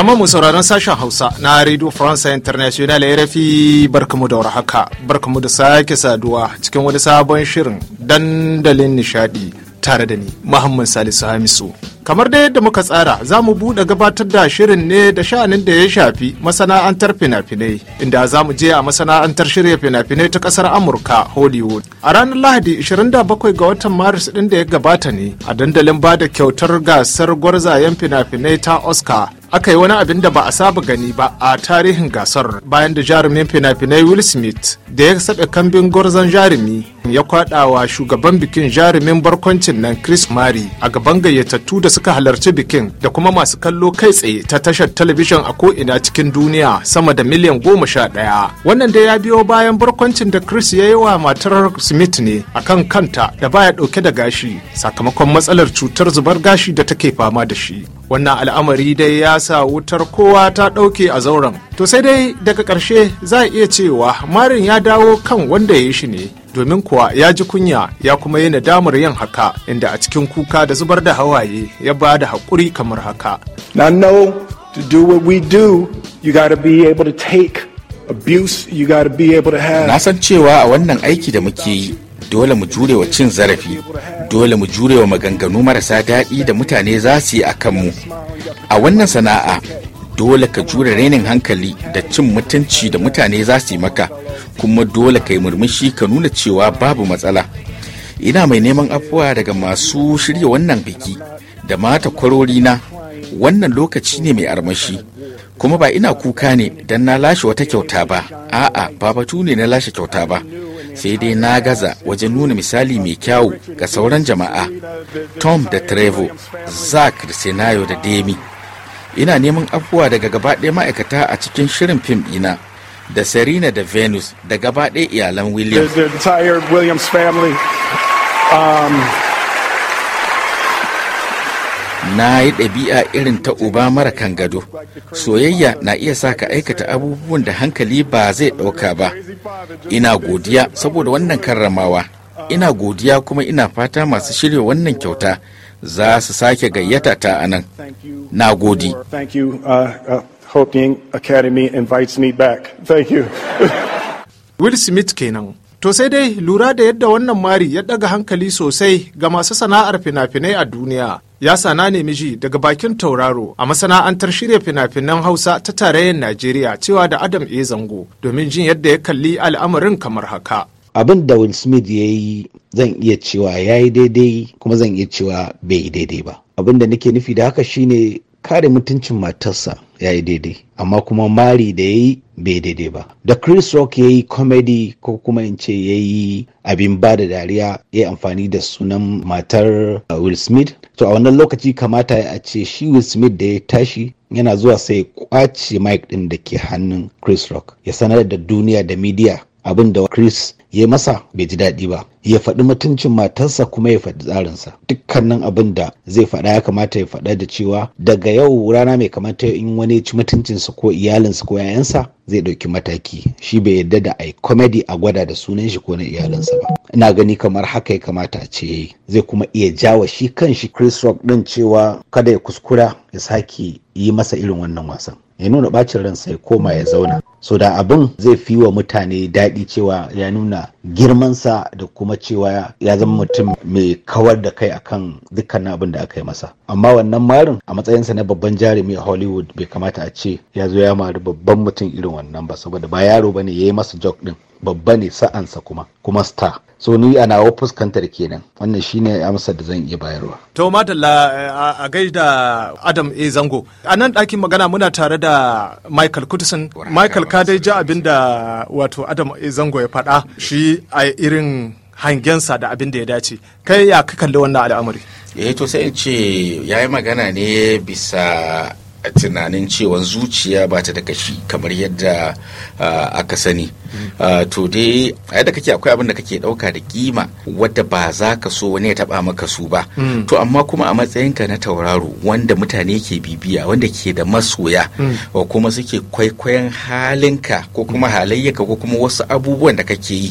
Jama'a mu sauraron sashen Hausa na Radio France International RFI barkamu da warhaka. Barkamu da sake saduwa cikin wani sabon shirin dandalin nishadi tare da ni Muhammad Salisu Hamisu. Kamar dai yadda muka tsara za mu buɗe gabatar da shirin ne da sha'anin da ya shafi masana'antar fina-finai inda za mu je a masana'antar shirya fina-finai ta kasar Amurka Hollywood. A ranar Lahadi 27 ga watan Maris ɗin da ya gabata ne a dandalin bada kyautar gasar gwarzayen fina-finai ta Oscar aka yi wani abin da ba a saba gani ba a tarihin gasar bayan da jarumin fina-finai will smith da ya saɓe kambin gwarzon jarumi ya kwadawa shugaban bikin jarumin barkwancin nan Chris Mari a gaban gayyatattu da suka halarci bikin da kuma masu kallo kai tsaye ta tashar talabijin a ko'ina cikin duniya sama da miliyan goma sha ɗaya. Wannan da ya biyo bayan barkwancin da Chris ya yi wa matar Smith ne akan kanta da baya ɗauke da gashi sakamakon matsalar cutar zubar gashi da take fama da shi. Wannan al'amari dai ya sa wutar kowa ta ɗauke a zauren. To sai dai daga ƙarshe za a iya cewa Marin ya dawo kan wanda ya yi shi ne domin kuwa ya ji kunya ya kuma yi nadamar yin haka inda a cikin kuka da zubar da hawaye ya ba da haƙuri kamar haka. know Na san cewa a wannan aiki da muke yi dole mu jure wa cin zarafi, dole mu jure wa maganganu marasa daɗi da mutane za su yi a kanmu. A wannan sana'a dole ka jure renin hankali da cin mutunci da mutane za su yi maka kuma dole ka yi murmushi ka nuna cewa babu matsala ina mai neman afuwa daga masu shirya wannan biki da mata kwarorina wannan lokaci ne mai armashi kuma ba ina kuka ne don na lashe wata kyauta ba a'a ba batu ne na lashe kyauta ba sai dai na gaza wajen nuna misali mai kyawu ga sauran jama'a tom da trevo zack da senayo da demi ina neman afuwa daga gaba ma'aikata a cikin shirin fim ina da serena da venus da gaba iyalan williams the, the um, na yi ɗabi'a irin ta uba mara kan gado soyayya na iya sa ka aikata abubuwan da hankali ba zai ɗauka ba ina godiya saboda wannan karramawa ina godiya kuma ina fata masu shirya wannan kyauta za su sake gayyata ta a nan na godi uh, uh, will smith kenan to sai dai lura da yadda wannan mari ya daga hankali sosai ga masu sana'ar fina-finai a duniya ya sana ne miji daga bakin tauraro a masana'antar shirya fina-finan hausa ta tarayyar najeriya cewa da adam e zango domin jin yadda ya kalli al'amarin kamar haka abin da will smith ya yi zan iya cewa ya yi daidai kuma zan iya cewa bai yi daidai ba abin da nake nufi da haka shine kare mutuncin matarsa ya yi daidai amma kuma mari da ya yi bai daidai ba da chris rock ya yi comedy ko kuma in ce ya yi abin ba da dariya ya yi amfani da sunan matar uh, will smith to a wannan lokaci kamata a ce shi will smith da ya tashi yana zuwa sai ya kwace mic din da ke hannun chris rock ya sanar da duniya da media abin da chris ya masa bai ji daɗi ba ya faɗi mutuncin matarsa kuma ya faɗi tsarinsa dukkanin abin da zai faɗa ya kamata ya faɗa da cewa daga yau rana mai kamata in wani ci mutuncinsa ko iyalinsa ko 'ya'yansa zai ɗauki mataki shi bai yarda da ai komedi a gwada da sunan shi ko na iyalinsa ba ina gani kamar haka ya kamata a ce zai kuma iya jawa shi kan shi chris rock ɗin cewa kada ya kuskura ya sake yi masa irin wannan wasan ya nuna bacin ransa ya koma ya zauna so da abin zai fi wa mutane daɗi cewa ya nuna girmansa da kuma cewa ya zama mutum mai kawar da kai akan dukkan abin da aka yi masa amma wannan marin a matsayinsa na babban jarumi a hollywood bai kamata a ce ya zo ya mari babban mutum irin wannan ba saboda ba yaro ba ne ya yi masa jug din babba ne sa'ansa kuma kuma star so ni a nawa fuskantar kenan wannan shine amsar da zan iya bayarwa to madalla a gaida adam a zango a nan ɗakin magana muna tare da michael kudison michael ka dai ja abin da wato adam a zango ya faɗa shi a irin hangensa da abin da ya dace kai ya kalli wannan al'amari eh to sai in ce ya yi magana ne bisa tunanin cewa zuciya ba ta da kashi kamar yadda aka sani to dai yadda kake akwai abin da kake dauka da kima wadda ba za ka so wani ya taba maka su ba mm. to amma kuma a matsayinka na tauraro wanda mutane ke bibiya wanda ke da masoya mm. wa kuma suke kwaikwayon halinka ko kuma mm. halayyaka ko kuma wasu abubuwan da kake yi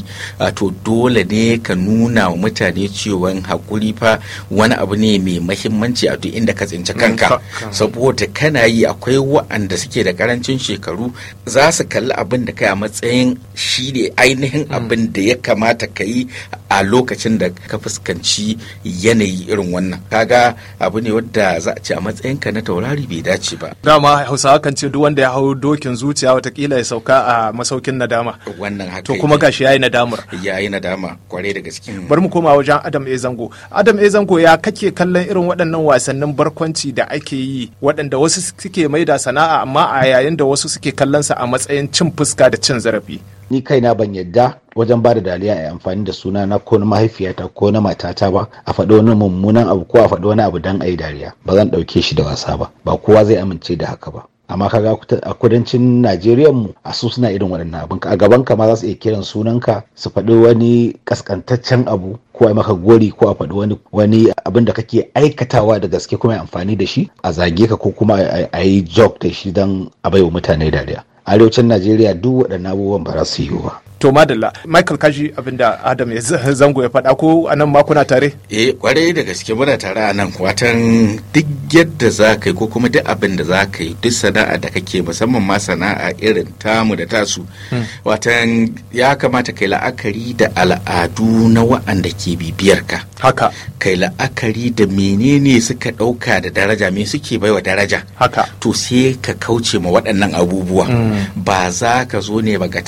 to dole ne ka nuna wa mutane cewa hakuri fa wani abu ne mai mahimmanci a duk inda ka tsinci kanka saboda kana ana yi akwai waɗanda suke da karancin shekaru za su kalli abin da kai a matsayin shi ne ainihin hmm. abin da ya kamata ka yi a lokacin da ka fuskanci yanayi irin wannan kaga abu ne wadda za a ce a matsayin ka na taurari bai dace ba dama hausawa kan ce duk wanda ya hau dokin zuciya watakila ya sauka a masaukin nadama wannan haka to kuma gashi yayi nadama yayi nadama kware da gaske hmm. bari mu koma wajen adam e zango adam e zango ya kake kallon irin waɗannan wasannin barkwanci da ake yi waɗanda wasu suke mai da sana'a amma a yayin da wasu suke kallonsa a matsayin cin fuska da cin zarafi ni kaina ban yadda wajen ba da daliya a amfani da suna na ko na mahaifiyata ko na matata ba a faɗi wani mummunan abu ko a faɗi wani abu don a yi dariya ba zan ɗauke shi da wasa ba ba kowa zai amince da haka ba amma ga a kudancin najeriya mu a su suna irin waɗannan abin a gaban ka ma za su iya kiran ka su faɗi wani ƙasƙantaccen abu ko a maka gori ko a faɗi wani wani abin da kake aikatawa da gaske kuma amfani da shi a zage ka ko kuma a yi jog da shi don a baiwa mutane dariya arewacin najeriya duk waɗannan abubuwan ba za su yi ba to madalla michael kashi abinda adam ya zango ya faɗa ko a nan ma kuna tare eh kwarai da gaske muna tare a nan watan duk yadda za ka yi ko kuma duk abin da za ka yi duk sana'a da kake musamman ma sana'a irin tamu da tasu hmm. watan ya kamata kai la'akari da al'adu na wa'anda ke bibiyar ka haka kai la'akari da menene suka ɗauka da daraja me suke baiwa daraja haka to sai ka kauce ma waɗannan abubuwa hmm. ba za ka zo ne ba ga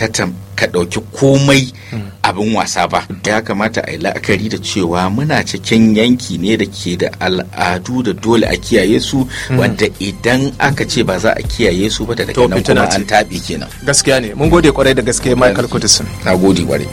ka ɗauki komai abin wasa ba ya kamata a yi la'akari da cewa muna cikin yanki ne da ke da al'adu da dole a kiyaye su hmm. wanda idan aka ce ba za a kiyaye su ba da daga nan kuma an taɓi kenan gaskiya ne mun gode kwarai da gaske michael kudisin na gode kwarai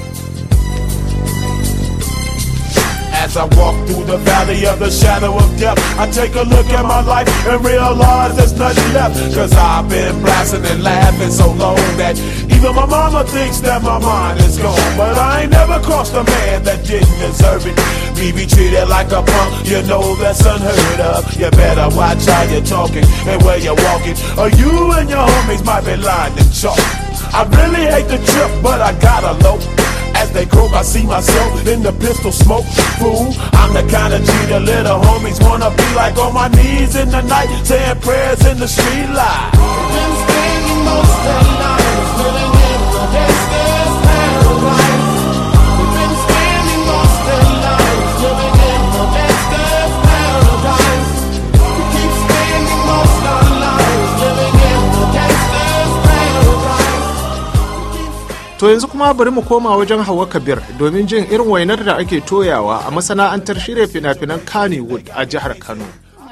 As I walk through the valley of the shadow of death, I take a look at my life and realize there's nothing left. Cause I've been blasting and laughing so long that Even my mama thinks that my mind is gone. But I ain't never crossed a man that didn't deserve it. Me be treated like a punk, you know that's unheard of. You better watch how you're talking and where you're walking. Or you and your homies might be lying to chalk. I really hate the trip, but I gotta low. As they croak, I see myself in the pistol smoke. Fool, I'm the kind of G the little homies wanna be like on my knees in the night, saying prayers in the street light. Been spending most of night. To yanzu kuma bari mu koma wajen Hawa Kabir domin jin irin wainar da ake toyawa a masana'antar shirya fina-finan Kannywood a jihar Kano.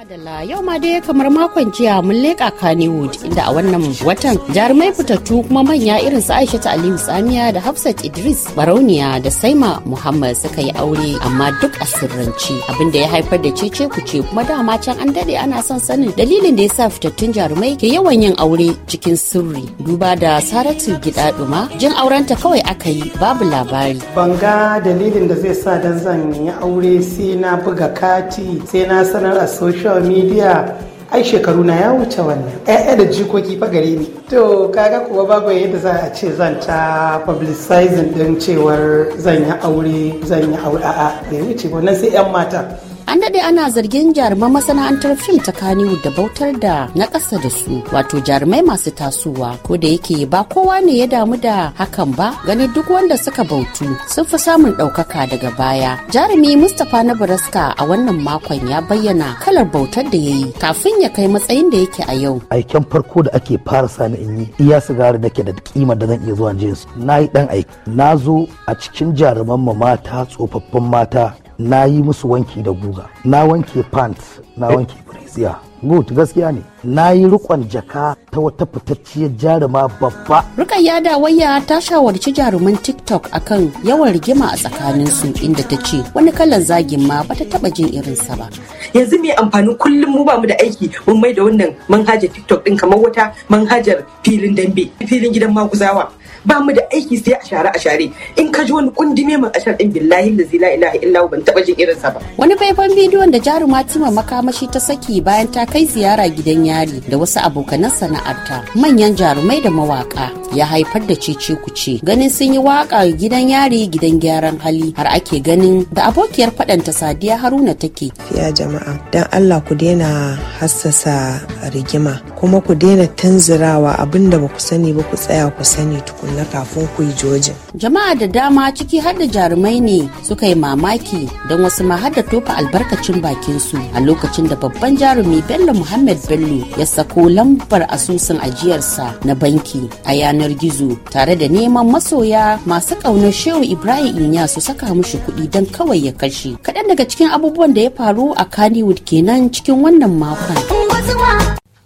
Adala yau ma dai kamar makon jiya mun leƙa Kannywood inda a wannan watan jarumai fitattu kuma manya irin su Aisha ta Aliyu Samiya da Hafsat Idris Barauniya da Saima Muhammad suka yi aure amma duk a sirrance abin da ya haifar da cece ku ce kuma dama can an dade ana son sanin dalilin da yasa fitattun jarumai ke yawan yin aure cikin sirri duba da Saratu Gida Duma jin aurenta kawai aka yi babu labari. Ban ga dalilin da zai sa dan zan yi aure sai na buga kati sai na sanar a social social media ai shekaru na ya wuce wannan ɗaya da jikoki fa gare ni to kaga kuwa babu yadda za a ce zan ta publicizing din cewar zan yi aure zan yi aure a'a bai wuce ba sai yan mata An daɗe ana zargin jaruman masana'antar fim ta kaniwu da bautar da na ƙasa da su wato jarumai masu tasowa ko da yake ba kowa ne ya damu da hakan ba ganin duk wanda suka bautu sun fi samun ɗaukaka daga baya. Jarumi Mustapha na Baraska a wannan makon ya bayyana kalar bautar da ya yi kafin ya kai matsayin da yake a yau. Aiken farko da ake fara sani in yi iya sigari nake da kima da zan iya zuwa jinsu. Na yi ɗan aiki. Na zo a cikin jaruman mata tsofaffin mata na yi musu wanki da guga na wanke pant na eh. wanke brazier gut gaskiya ne na yi rikon jaka ta wata fitacciyar jaruma babba rukayya da waya ta shawarci jaruman tiktok akan yawan rigima a tsakanin su inda ta ce wani kalan zagin ma bata taba jin irin sa ba yanzu mai amfanin kullum mu bamu da aiki mun mai da wannan manhajar tiktok din kamar wata manhajar filin dambe filin gidan maguzawa ba mu da aiki sai a share a share in ka ji wani kundime mun a sharɗin billahi da zila ilaha illa ban taɓa jin irinsa ba. Wani faifan bidiyon da jaruma Tima makamashi ta saki bayan ta kai ziyara gidan yari da wasu abokanan sana'arta manyan jarumai da mawaka ya haifar da cece kuce ganin sun yi waka gidan yari gidan gyaran hali har ake ganin da abokiyar faɗanta Sadiya Haruna take. Ya jama'a dan Allah ku daina hassasa rigima kuma ku daina tanzirawa abinda ba ku sani ba ku tsaya ku sani tukuna. na kafin ku yi joji. Jama'a da dama ciki har da jarumai ne suka yi mamaki don wasu ma har da tofa albarkacin bakin su a lokacin da babban jarumi Bello Muhammad Bello ya sako lambar asusun ajiyarsa na banki a yanar gizo tare da neman masoya masu ƙaunar Shehu Ibrahim Inya su saka mushi kuɗi don kawai ya kashe. Kaɗan daga cikin abubuwan da ya faru a Kannywood kenan cikin wannan makon.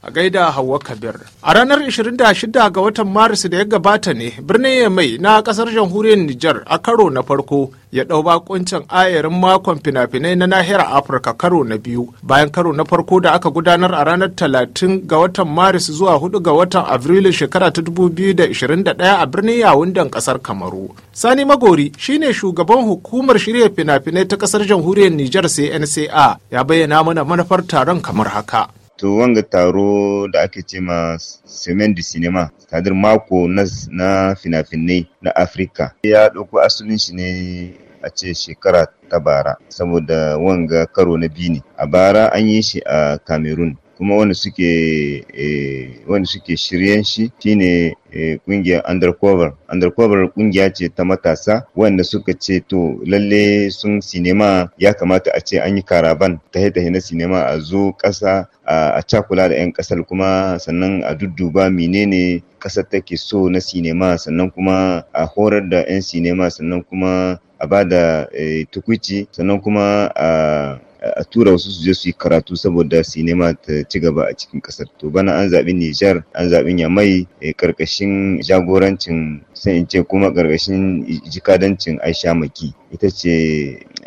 a gaida Hauwa Kabir. A ranar 26 ga watan Maris da ya gabata ne birnin Yamai na kasar jamhuriyar Nijar a karo na farko ya ɗau bakuncin ayarin makon fina-finai na nahiyar Afirka karo na biyu bayan karo na farko da aka gudanar a ranar 30 ga watan Maris zuwa 4 ga watan Afrilu shekara ta 2021 a birnin Yawundan kasar Kamaru. Sani Magori shine shugaban hukumar shirya fina-finai ta kasar jamhuriyar Nijar CNCA ya bayyana mana manufar taron kamar haka. to wanga taro da ake ce ma semen de cinema sadir mako na fina-finai na afirka ya ɗauko asalin shi ne a ce shekara ta bara saboda wanga karo na biyu ne a bara an yi shi a cameroon kuma wanda suke eh, wanda suke shiryen shi shine eh, kungiyar undercover undercover kungiya ce ta matasa wanda suka ce to lalle sun sinema ya kamata a ce an yi karaban tahe tahe na sinema a zo ƙasa a cakula da 'yan ƙasar kuma sannan a dudduba menene kasar take so na sinema sannan kuma a horar da 'yan sinema sannan kuma a ba da eh, tukwici sannan kuma a a tura wasu su je su yi karatu saboda sinema ta ci gaba a cikin kasar to bana an zaɓi nijar an zaɓi yamai karkashin eh, jagorancin sai in ce kuma karkashin jikadancin aisha maki ita ce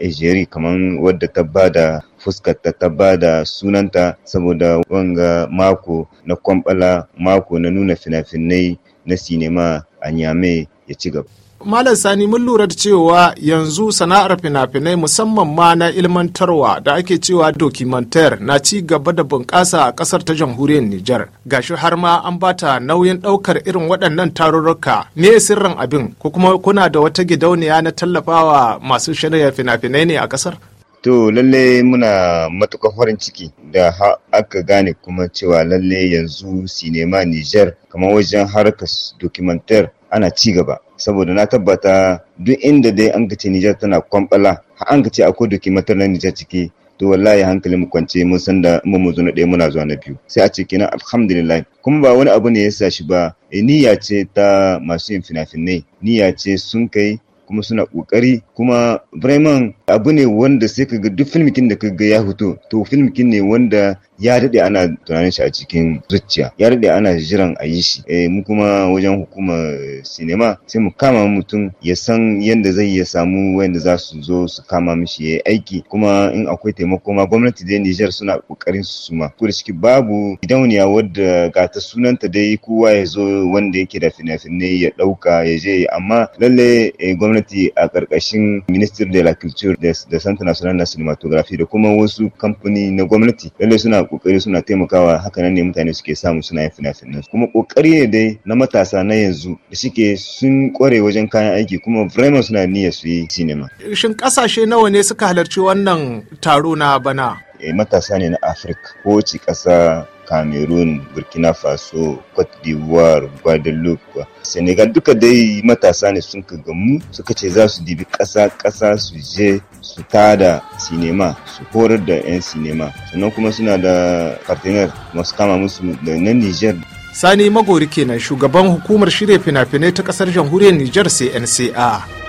ejeri kamar wadda ta bada fuskarta ta ba da sunanta saboda wanga mako na kwambala mako na nuna fina-finai na sinema a nyame ya ci gaba Malam Sani mun lura da cewa yanzu sana'ar fina-finai musamman ma na ilmantarwa da ake cewa dokimantar na ci gaba da bunƙasa a ƙasar ta jamhuriyar Nijar. Gashi har ma an bata nauyin ɗaukar irin waɗannan tarurruka ne sirrin abin ko kuma kuna da wata gidauniya na tallafawa masu shirya fina-finai ne a ƙasar? To lalle muna matuƙar farin ciki da aka gane kuma cewa lalle yanzu sinema Nijar kamar wajen harkar dokimantar ana ci gaba. saboda na tabbata duk inda dai an ce Nijar tana kwamɓala har an ka ce akwai matar na Nijar ciki to wallahi hankali mu kwance mun san da mu mu na ɗaya muna zuwa na biyu sai a ce kenan alhamdulillah kuma ba wani abu ne ya sa shi ba eh, niyya ce ta masu yin fina-finai niyya ce sun kai kuma suna kokari kuma vraiment abu ne wanda sai ka ga duk filmikin da ka ga ya fito to filmikin ne wanda ya daɗe ana tunanin shi a cikin zuciya ya daɗe ana jiran a yi shi eh mu kuma wajen hukumar sinema sai mu kama mutum ya san yadda zai ya samu wanda za su zo su kama mishi ya aiki kuma in akwai taimako ma gwamnati dai Nijar suna kokarin su suma ko da ciki babu gidauniya wadda ga ta sunanta dai kowa ya zo wanda yake da fina-finai ya ɗauka ya je amma lalle eh, gwamnati a ƙarƙashin ministry de la culture da santa national na cinematography da kuma wasu kamfani na gwamnati lalle suna kokari suna taimakawa haka nan ne mutane suke samu suna yin fina-finan kuma kokari ne dai na matasa na yanzu da suke sun kware wajen kayan aiki kuma vraiment suna niyya su yi sinima. Shin kasashe nawa ne suka halarci wannan taro na bana? Eh, matasa ne na afirka ko ci ƙasa cameroon burkina faso cote d'ivoire guadeloupe senegal duka dai matasa ne sun ka gamu suka ce za su dibi kasa ƙasa su je su tada sinema su horar da 'yan sinema sannan kuma suna da partner masu kama musu da na niger sani magori kenan shugaban hukumar shirya fina-finai ta kasar jamhuriyar niger cnca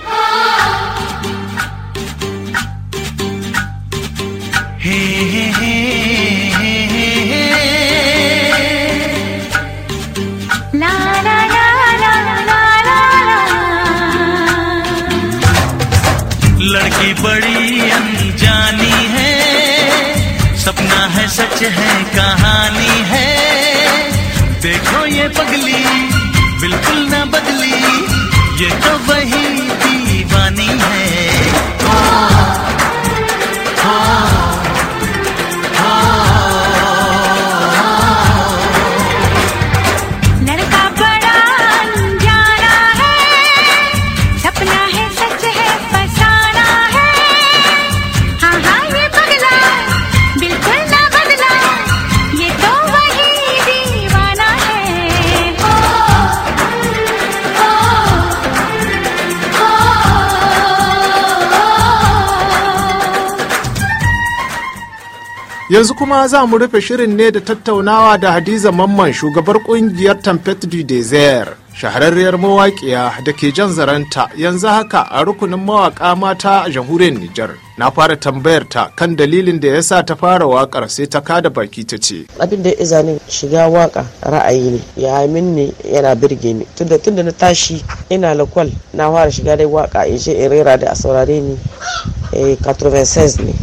सच है कहानी है देखो ये पगली बिल्कुल ना बदली ये तो वही yanzu kuma za mu rufe shirin ne da tattaunawa da hadiza mamman shugabar kungiyar tempet du desert shahararriyar mawaƙiya da ke jan zaranta yanzu haka a rukunin mawaƙa mata a jamhuriyar Nijar. Na fara tambayar ta kan dalilin da yasa ta fara waƙar sai ta kada baki ta ce. Abin da ya ni shiga waƙa ra'ayi ne, ya min ne yana birge ni. Tunda tunda na tashi ina lakwal na fara shiga dai waƙa in je in rera da a saurare ni. 96 eh, ne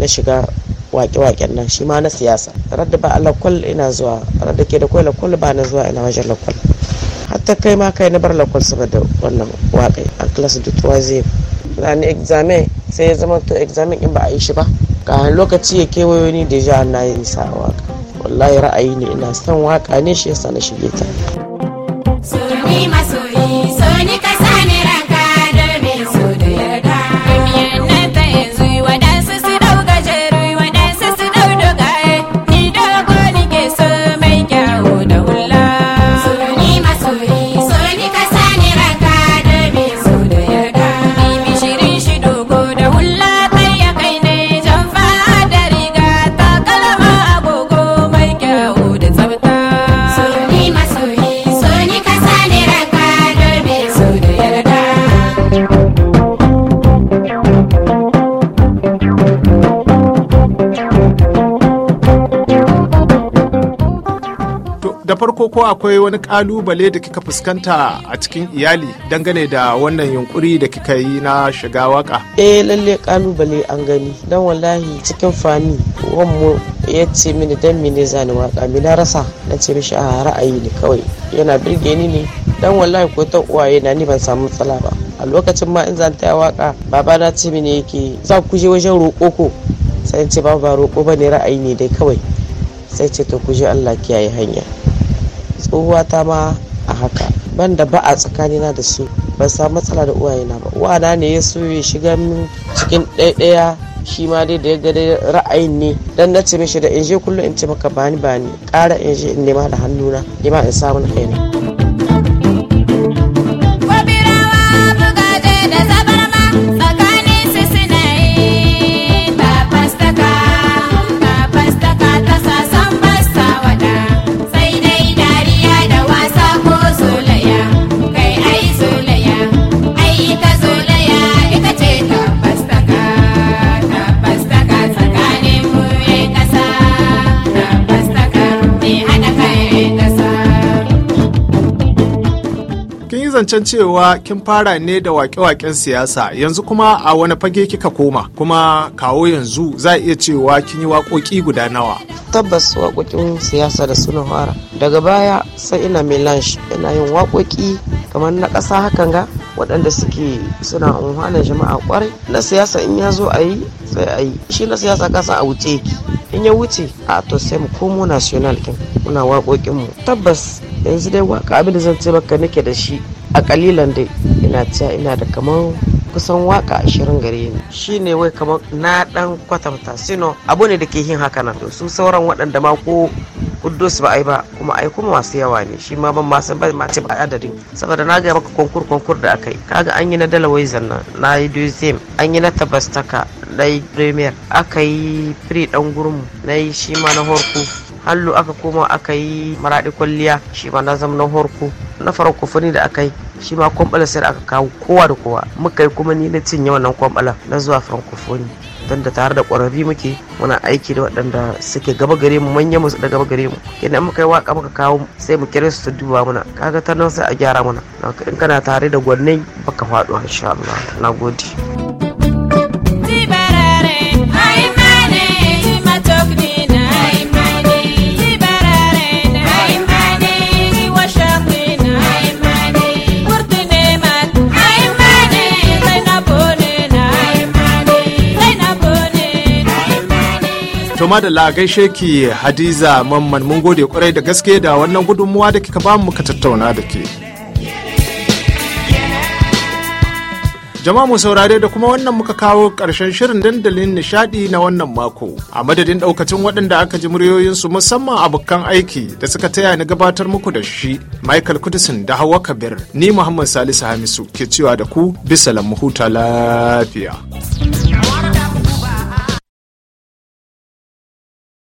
na shiga Wake waken nan shi ma na siyasa radda ba lakwal ina zuwa radda ke da kwai lakwal ba na zuwa ina wajen lakwal hatta kai ma kai na bar lakwal saboda wannan wakai. a class de troisième ni examen sai ya zama to examen in ba a yi shi ba kayan lokaci ya kewayo ni deja na yin sa waka. wallahi ra'ayi ne ina son waka ne shi yasa na shige ta ko ko akwai wani kalubale da kika fuskanta a cikin iyali dangane da wannan yunkuri da kika yi na shiga waka eh lalle kalubale an gani dan wallahi cikin fami wanmu ya ce mini dan mene zani waka mi na rasa na ce mishi a ah, ra'ayi ne kawai yana birge ni ne dan wallahi ko ta uwaye na ni ban samu matsala ba a lokacin ma in zan taya waka babana ce mini yake za ku je wajen roko ko sai ce ba ba roƙo ba ne ra'ayi ne dai kawai sai ce to ku je Allah kiyaye hanya tsohuwa ta ma a haka ban da ba a tsakanina da su ban samu matsala da uwayena ba na ne ya so ya shiga min cikin ɗaiɗaya shi ma dai da ya gada ra'ayin ne dan na ce mishi da in je kullum in ce maka bani bani ƙara in je in nema da hannuna nema in samu na kaina. zancen cewa kin fara ne da wake-waken siyasa yanzu kuma a wani fage kika koma kuma kawo yanzu za iya cewa kin yi waƙoƙi guda nawa. Tabbas waƙoƙin siyasa da suna fara. Daga baya sai ina Melange ina yin waƙoƙi kamar na ƙasa hakan ga waɗanda suke suna unhana jama'a kwarai na siyasa in ya zo a yi sai a yi shi na siyasa kasa a wuce ki in ya wuce a to sai mu komo national kin muna mu tabbas yanzu dai waka abin da zan ce maka nake da shi a kalilan dai ina cewa ina da kamar kusan waka ashirin gare ni shi ne wai kamar na dan kwatanta sino abu ne da ke yin haka nan su sauran waɗanda ma ko kuddus ba ai ba kuma ai kuma masu yawa ne shi ma ban masu ba ma ce ba adadin saboda na ga maka konkur konkur da aka yi kaga an yi na dalawai zanna na yi dozem an yi na tabastaka na yi premier aka yi free dan gurmu na yi shi ma na horku hallu aka koma aka yi maraɗi kwalliya shi ma na zama na horko na farko fani da aka yi shi ma kwamɓala sai aka kawo kowa da kowa muka yi kuma ni na cinye wannan kwamɓala na zuwa francophone don da tare da ƙwararri muke muna aiki da waɗanda suke gaba gare mu manya musu da gaba gare mu idan muka yi waka muka kawo sai mu kira su ta duba muna kaga ta nan sai a gyara muna in kana tare da gwanai baka faɗo insha Allah na gode. To da gaishe ki Hadiza Mamman mun gode kwarai da gaske da wannan gudunmuwa da kika ba mu ka tattauna da ke. Jama'a mu saurare da kuma wannan muka kawo ƙarshen shirin dandalin nishadi na wannan mako. A madadin ɗaukacin waɗanda aka ji muryoyinsu musamman abokan aiki da suka taya ni gabatar muku da shi Michael Kudisin da Hawa Kabir ni Muhammad Salisu Hamisu ke cewa da ku bisa lamu huta lafiya.